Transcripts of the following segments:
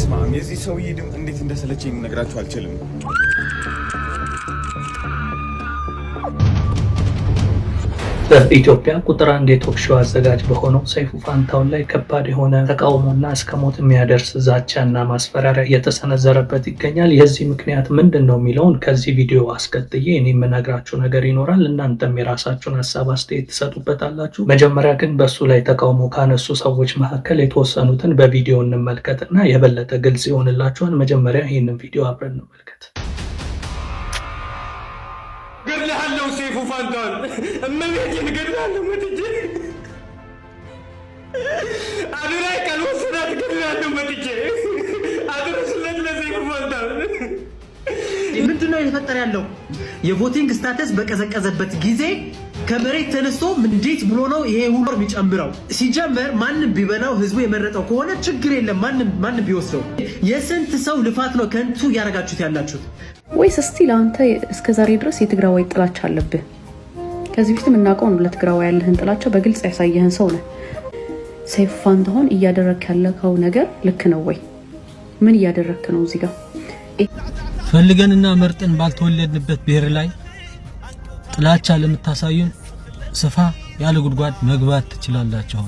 ስማም የዚህ ሰውዬ ድምፅ እንዴት እንደሰለቸኝ ልነግራችሁ አልችልም። በኢትዮጵያ ቁጥር አንድ የቶክ ሾው አዘጋጅ በሆነው ሰይፉ ፋንታውን ላይ ከባድ የሆነ ተቃውሞና እስከ ሞት የሚያደርስ ዛቻና ማስፈራሪያ እየተሰነዘረበት ይገኛል። የዚህ ምክንያት ምንድን ነው የሚለውን ከዚህ ቪዲዮ አስከትዬ እኔ የምነግራችሁ ነገር ይኖራል። እናንተም የራሳችሁን ሀሳብ አስተያየት ትሰጡበታላችሁ። መጀመሪያ ግን በእሱ ላይ ተቃውሞ ካነሱ ሰዎች መካከል የተወሰኑትን በቪዲዮ እንመልከትና የበለጠ ግልጽ ይሆንላችኋል። መጀመሪያ ይህንን ቪዲዮ አብረን እንመልከት። እመቤቴን እገድላለሁ መጥቼ አዶናይ ካልወሰዳት እገድላለሁ መጥቼ አድረስለት ለሰይፉ ፋንታሁን። ምንድን ነው የተፈጠረ ያለው? የቮቲንግ ስታተስ በቀዘቀዘበት ጊዜ ከመሬት ተነስቶ እንዴት ብሎ ነው ይሄ ሁሉ የሚጨምረው? ሲጀመር ማንም ቢበላው ህዝቡ የመረጠው ከሆነ ችግር የለም። ማንም ቢወስደው የስንት ሰው ልፋት ነው ከንቱ እያደረጋችሁት ያላችሁት? ወይስ እስቲ ለአንተ እስከዛሬ ድረስ የትግራዋይ ጥላቻ አለብህ? ከዚህ በፊት የምናውቀው ነው። ለትግራዋ ያለህን ጥላቸው በግልጽ ያሳየህን ሰው ነህ። ሰይፉ እንደሆን እያደረክ ያለከው ነገር ልክ ነው ወይ? ምን እያደረክ ነው? እዚህ ጋር ፈልገንና መርጠን ባልተወለድንበት ብሔር ላይ ጥላቻ ለምታሳዩን ሰፋ ያለ ጉድጓድ መግባት ትችላላችሁ።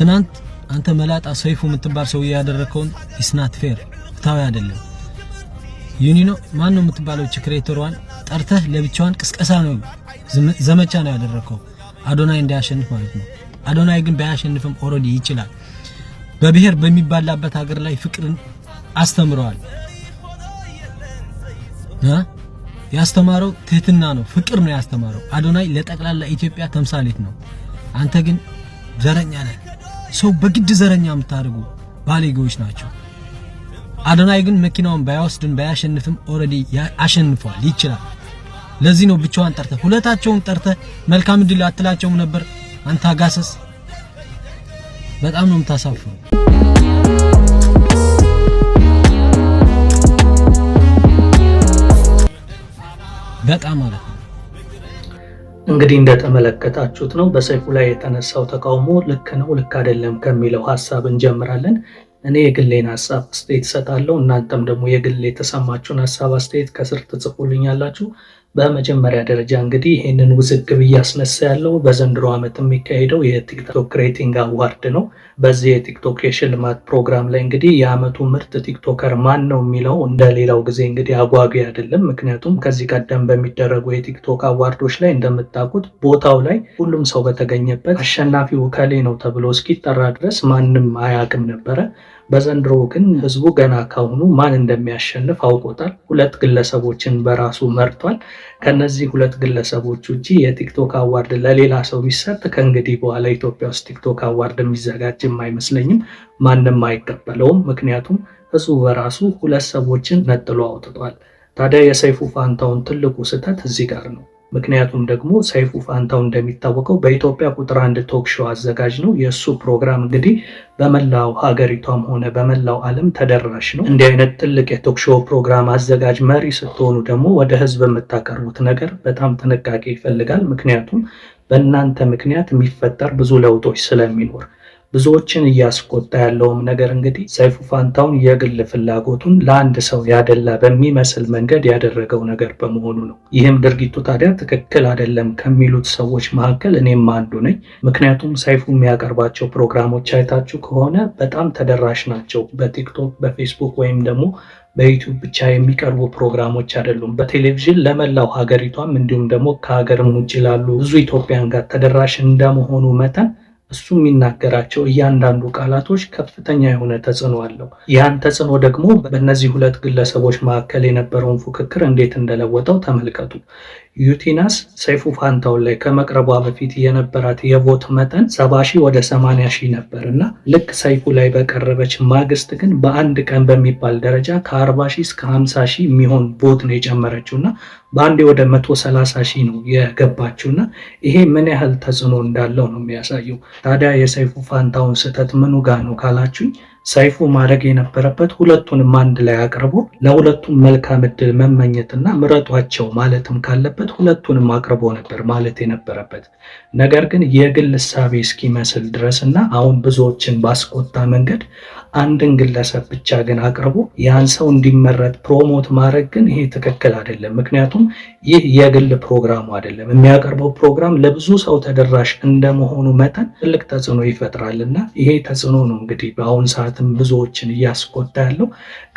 ትናንት አንተ መላጣ ሰይፉ የምትባል ሰው ያደረከውን ኢስናት ፌር ፍታዊ አይደለም። ዩኒኖ ማን ነው የምትባለው ክሬተሯን ጠርተህ ለብቻዋን ቅስቀሳ ነው ዘመቻ ነው ያደረከው አዶናይ እንዳያሸንፍ ማለት ነው። አዶናይ ግን ባያሸንፍም ኦልሬዲ ይችላል። በብሔር በሚባላበት ሀገር ላይ ፍቅርን አስተምረዋል። ያስተማረው ትህትና ነው፣ ፍቅር ነው ያስተማረው። አዶናይ ለጠቅላላ ኢትዮጵያ ተምሳሌት ነው። አንተ ግን ዘረኛ ነህ። ሰው በግድ ዘረኛ የምታደርጉ ባለጌዎች ናቸው። አዶናይ ግን መኪናውን ባያወስድም ባያሸንፍም ኦልሬዲ አሸንፏል፣ ይችላል። ለዚህ ነው ብቻዋን ጠርተ ሁለታቸውን ጠርተ መልካም እድል አትላቸውም ነበር። አንተ አጋሰስ በጣም ነው የምታሳፍረው። በጣም ማለት ነው። እንግዲህ እንደተመለከታችሁት ነው በሰይፉ ላይ የተነሳው ተቃውሞ ልክ ነው ልክ አይደለም ከሚለው ሀሳብ እንጀምራለን። እኔ የግሌን ሀሳብ አስተያየት እሰጣለሁ። እናንተም ደግሞ የግል የተሰማችሁን ሀሳብ አስተያየት ከስር ትጽፉልኛላችሁ። በመጀመሪያ ደረጃ እንግዲህ ይህንን ውዝግብ እያስነሳ ያለው በዘንድሮ ዓመት የሚካሄደው የቲክቶክ ክሬቲንግ አዋርድ ነው። በዚህ የቲክቶክ የሽልማት ፕሮግራም ላይ እንግዲህ የዓመቱ ምርጥ ቲክቶከር ማን ነው የሚለው እንደሌላው ጊዜ እንግዲህ አጓጊ አይደለም። ምክንያቱም ከዚህ ቀደም በሚደረጉ የቲክቶክ አዋርዶች ላይ እንደምታውቁት ቦታው ላይ ሁሉም ሰው በተገኘበት አሸናፊው ከሌ ነው ተብሎ እስኪጠራ ድረስ ማንም አያውቅም ነበረ። በዘንድሮ ግን ህዝቡ ገና ካሁኑ ማን እንደሚያሸንፍ አውቆታል። ሁለት ግለሰቦችን በራሱ መርቷል። ከነዚህ ሁለት ግለሰቦች ውጭ የቲክቶክ አዋርድ ለሌላ ሰው የሚሰጥ ከእንግዲህ በኋላ ኢትዮጵያ ውስጥ ቲክቶክ አዋርድ የሚዘጋጅም አይመስለኝም። ማንም አይቀበለውም። ምክንያቱም እሱ በራሱ ሁለት ሰዎችን ነጥሎ አውጥቷል። ታዲያ የሰይፉ ፋንታውን ትልቁ ስህተት እዚህ ጋር ነው። ምክንያቱም ደግሞ ሰይፉ ፋንታው እንደሚታወቀው በኢትዮጵያ ቁጥር አንድ ቶክ ሾው አዘጋጅ ነው። የእሱ ፕሮግራም እንግዲህ በመላው ሀገሪቷም ሆነ በመላው ዓለም ተደራሽ ነው። እንዲህ አይነት ትልቅ የቶክ ሾው ፕሮግራም አዘጋጅ መሪ ስትሆኑ ደግሞ ወደ ህዝብ የምታቀርቡት ነገር በጣም ጥንቃቄ ይፈልጋል። ምክንያቱም በእናንተ ምክንያት የሚፈጠር ብዙ ለውጦች ስለሚኖር ብዙዎችን እያስቆጣ ያለውም ነገር እንግዲህ ሰይፉ ፋንታውን የግል ፍላጎቱን ለአንድ ሰው ያደላ በሚመስል መንገድ ያደረገው ነገር በመሆኑ ነው። ይህም ድርጊቱ ታዲያ ትክክል አይደለም ከሚሉት ሰዎች መካከል እኔም አንዱ ነኝ። ምክንያቱም ሰይፉ የሚያቀርባቸው ፕሮግራሞች አይታችሁ ከሆነ በጣም ተደራሽ ናቸው። በቲክቶክ፣ በፌስቡክ ወይም ደግሞ በዩቱብ ብቻ የሚቀርቡ ፕሮግራሞች አይደሉም። በቴሌቪዥን ለመላው ሀገሪቷም እንዲሁም ደግሞ ከሀገርም ውጭ ላሉ ብዙ ኢትዮጵያን ጋር ተደራሽ እንደመሆኑ መጠን እሱ የሚናገራቸው እያንዳንዱ ቃላቶች ከፍተኛ የሆነ ተጽዕኖ አለው። ያን ተጽዕኖ ደግሞ በእነዚህ ሁለት ግለሰቦች መካከል የነበረውን ፉክክር እንዴት እንደለወጠው ተመልከቱ። ዩቲናስ ሰይፉ ፋንታውን ላይ ከመቅረቧ በፊት የነበራት የቮት መጠን ሰባ ሺህ ወደ ሰማንያ ሺህ ነበር እና ልክ ሰይፉ ላይ በቀረበች ማግስት ግን በአንድ ቀን በሚባል ደረጃ ከአርባ ሺህ እስከ ሀምሳ ሺህ የሚሆን ቮት ነው የጨመረችው እና በአንዴ ወደ መቶ ሰላሳ ሺህ ነው የገባችው እና ይሄ ምን ያህል ተጽዕኖ እንዳለው ነው የሚያሳየው። ታዲያ የሰይፉ ፋንታውን ስህተት ምኑ ጋ ነው ካላችሁኝ፣ ሰይፉ ማድረግ የነበረበት ሁለቱንም አንድ ላይ አቅርቦ ለሁለቱም መልካም እድል መመኘትና ምረጧቸው ማለትም ካለበት ሁለቱንም አቅርቦ ነበር ማለት የነበረበት። ነገር ግን የግል እሳቤ እስኪመስል ድረስ እና አሁን ብዙዎችን ባስቆጣ መንገድ አንድን ግለሰብ ብቻ ግን አቅርቦ ያን ሰው እንዲመረጥ ፕሮሞት ማድረግ ግን ይሄ ትክክል አይደለም። ምክንያቱም ይህ የግል ፕሮግራሙ አይደለም። የሚያቀርበው ፕሮግራም ለብዙ ሰው ተደራሽ እንደመሆኑ መጠን ትልቅ ተጽዕኖ ይፈጥራል እና ይሄ ተጽዕኖ ነው እንግዲህ በአሁን ሰዓትም ብዙዎችን እያስቆጣ ያለው።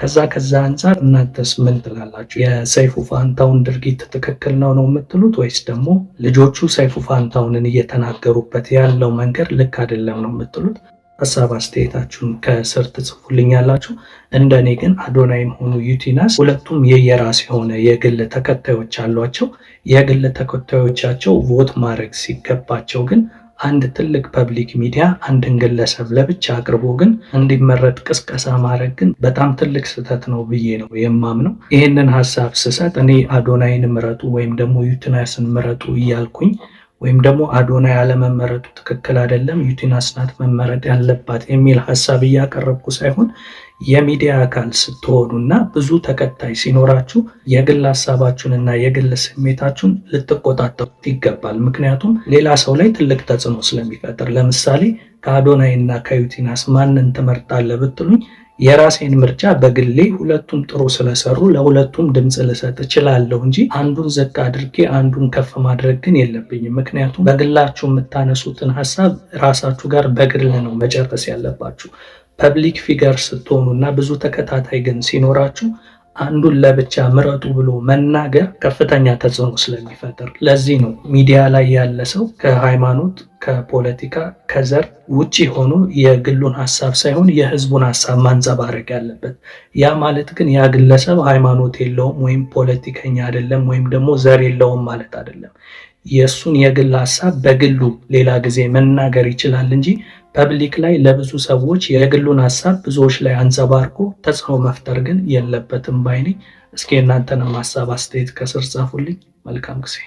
ከዛ ከዛ አንጻር እናንተስ ምን ትላላችሁ? የሰይፉ ፋንታውን ድርጊት ትክክል ነው ነው የምትሉት ወይስ ደግሞ ልጆቹ ሰይፉ ፋንታውንን እየተናገሩበት ያለው መንገድ ልክ አይደለም ነው የምትሉት? ሀሳብ አስተያየታችሁን ከስር ትጽፉልኛላችሁ። እንደ እኔ ግን አዶናይም ሆኑ ዩቲናስ ሁለቱም የየራስ የሆነ የግል ተከታዮች አሏቸው። የግል ተከታዮቻቸው ቮት ማድረግ ሲገባቸው ግን አንድ ትልቅ ፐብሊክ ሚዲያ አንድን ግለሰብ ለብቻ አቅርቦ ግን እንዲመረጥ ቅስቀሳ ማድረግ ግን በጣም ትልቅ ስህተት ነው ብዬ ነው የማምነው። ይህንን ሀሳብ ስሰጥ እኔ አዶናይን ምረጡ ወይም ደግሞ ዩቲናስን ምረጡ እያልኩኝ ወይም ደግሞ አዶናይ አለመመረጡ ትክክል አይደለም፣ ዩቲናስ አስናት መመረጥ ያለባት የሚል ሀሳብ እያቀረብኩ ሳይሆን የሚዲያ አካል ስትሆኑ እና ብዙ ተከታይ ሲኖራችሁ የግል ሀሳባችሁን እና የግል ስሜታችሁን ልትቆጣጠሩት ይገባል። ምክንያቱም ሌላ ሰው ላይ ትልቅ ተጽዕኖ ስለሚፈጥር፣ ለምሳሌ ከአዶናይ እና ከዩቲናስ ማንን ትመርጣለህ ብትሉኝ የራሴን ምርጫ በግሌ ሁለቱም ጥሩ ስለሰሩ ለሁለቱም ድምፅ ልሰጥ እችላለሁ እንጂ አንዱን ዝቅ አድርጌ አንዱን ከፍ ማድረግ ግን የለብኝም። ምክንያቱም በግላችሁ የምታነሱትን ሀሳብ ራሳችሁ ጋር በግል ነው መጨረስ ያለባችሁ። ፐብሊክ ፊገር ስትሆኑ እና ብዙ ተከታታይ ግን ሲኖራችሁ አንዱን ለብቻ ምረጡ ብሎ መናገር ከፍተኛ ተጽዕኖ ስለሚፈጥር ለዚህ ነው ሚዲያ ላይ ያለ ሰው ከሃይማኖት፣ ከፖለቲካ፣ ከዘር ውጭ ሆኖ የግሉን ሀሳብ ሳይሆን የህዝቡን ሀሳብ ማንጸባረቅ ያለበት። ያ ማለት ግን ያ ግለሰብ ሃይማኖት የለውም ወይም ፖለቲከኛ አይደለም ወይም ደግሞ ዘር የለውም ማለት አይደለም። የእሱን የግል ሀሳብ በግሉ ሌላ ጊዜ መናገር ይችላል እንጂ ፐብሊክ ላይ ለብዙ ሰዎች የግሉን ሀሳብ ብዙዎች ላይ አንጸባርቆ ተጽዕኖ መፍጠር ግን የለበትም ባይኔ። እስኪ የእናንተንም ሀሳብ አስተያየት ከስር ጻፉልኝ። መልካም ጊዜ